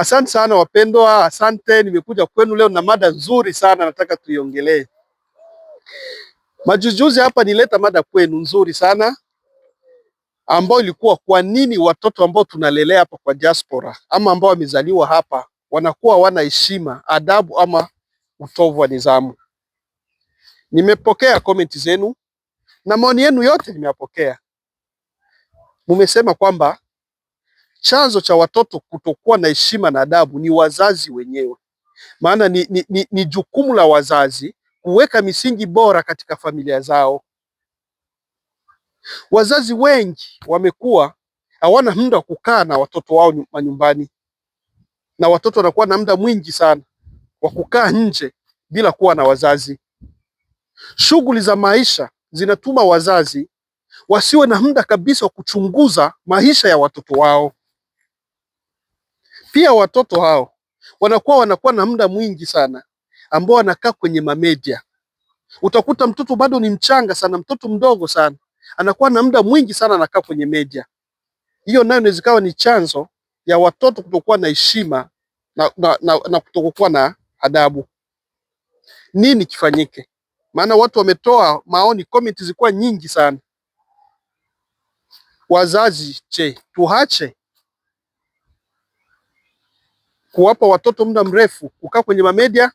Asante sana wapendwa, asante. Nimekuja kwenu leo na mada nzuri sana, nataka tuiongelee. Majujuzi hapa nileta mada kwenu nzuri sana ambayo ilikuwa kwa nini watoto ambao tunalelea hapa kwa diaspora ama ambao wamezaliwa hapa wanakuwa wana heshima, adabu ama utovu wa nidhamu. Nimepokea komenti zenu na maoni yenu yote nimeyapokea. Mumesema kwamba chanzo cha watoto kutokuwa na heshima na adabu ni wazazi wenyewe. Maana ni, ni, ni, ni jukumu la wazazi kuweka misingi bora katika familia zao. Wazazi wengi wamekuwa hawana muda wa kukaa na watoto wao manyumbani, na watoto wanakuwa na muda mwingi sana wa kukaa nje bila kuwa na wazazi. Shughuli za maisha zinatuma wazazi wasiwe na muda kabisa wa kuchunguza maisha ya watoto wao. Pia watoto hao wanakuwa wanakuwa na muda mwingi sana ambao wanakaa kwenye mamedia. Utakuta mtoto bado ni mchanga sana, mtoto mdogo sana, anakuwa na muda mwingi sana anakaa kwenye media. Hiyo nayo inaweza ni chanzo ya watoto kutokuwa na heshima na, na, na, na kutokuwa na adabu. Nini kifanyike? Maana watu wametoa maoni, comments zilikuwa nyingi sana. Wazazi, je, tuache kuwapa watoto muda mrefu kukaa kwenye mamedia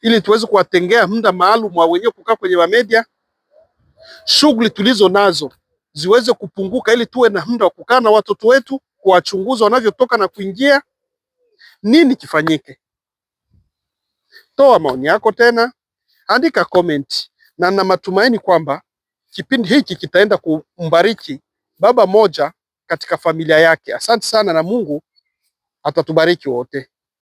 ili tuweze kuwatengea muda maalum wa wenyewe kukaa kwenye mamedia. Shughuli tulizo nazo ziweze kupunguka ili tuwe na muda wa kukaa na watoto wetu, kuwachunguza wanavyotoka na kuingia. Nini kifanyike? Toa maoni yako, tena andika comment, na na matumaini kwamba kipindi hiki kitaenda kumbariki baba moja katika familia yake. Asante sana na Mungu atatubariki wote